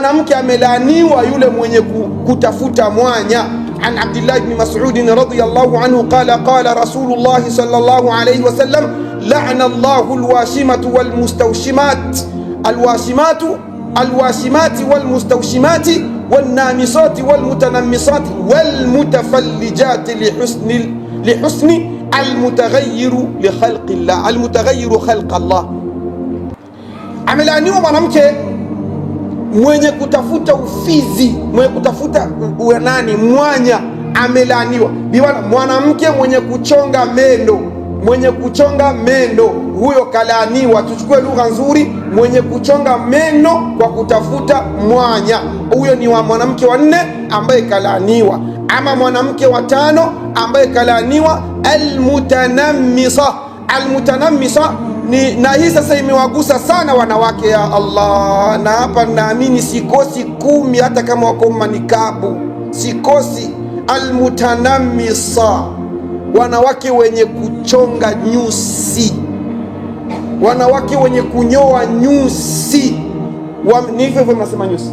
mwanamke amelaaniwa yule mwenye kutafuta mwanya. An Abdillahi bni Masudin radiyallahu anhu qala qala Rasulullahi sallallahu alayhi wasallam lana llahu lwashimatu walmustawshimat alwashimatu alwashimati walmustawshimati wannamisati walmutanamisati walmutafallijati lihusni lihusni almutaghayyiru likhalqi llah almutaghayyiru khalqa llah, amelaaniwa mwanamke mwenye kutafuta ufizi, mwenye kutafuta nani, mwanya amelaaniwa. Biwana, mwanamke mwenye kuchonga mendo, mwenye kuchonga mendo huyo kalaaniwa. Tuchukue lugha nzuri, mwenye kuchonga meno kwa kutafuta mwanya, huyo ni wa mwanamke wa nne ambaye kalaaniwa. Ama mwanamke wa tano ambaye kalaaniwa, almutanamisa, almutanamisa ni, na hii sasa imewagusa sana wanawake. Ya Allah, na hapa naamini sikosi kumi, hata kama wako manikabu sikosi. Almutanamisa, wanawake wenye kuchonga nyusi, wanawake wenye kunyoa nyusi. Ni hivyo hivyo mnasema nyusi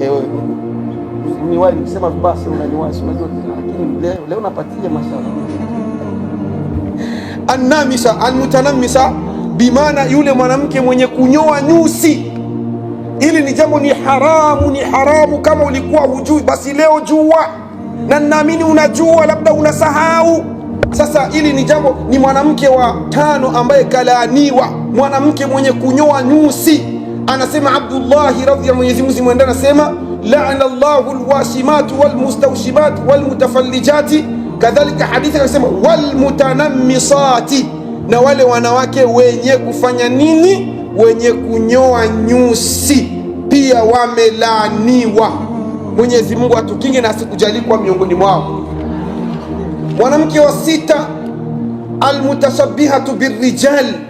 ewe niwahi kusema basi, unaniwahi unajua, lakini leo napatia mashauri annamisa almutanamisa, bimaana yule mwanamke mwenye kunyoa nyusi. Ili ni jambo ni haramu, ni haramu. Kama ulikuwa hujui, basi leo jua, na ninaamini unajua, labda unasahau. Sasa ili ni jambo, ni mwanamke wa tano ambaye kalaaniwa, mwanamke mwenye kunyoa nyusi. Anasema Abdullahi, radhi ya Mwenyezi Mungu zimwendea, anasema laana llahu lwashimatu walmustawshimat walmutafallijati Kadhalika hadithi akasema, walmutanammisati, na wale wanawake wenye kufanya nini? Wenye kunyoa nyusi pia wamelaaniwa. Mwenyezi Mungu atukinge na asikujali kuwa miongoni mwao. Mwanamke wa sita, almutashabihatu birijali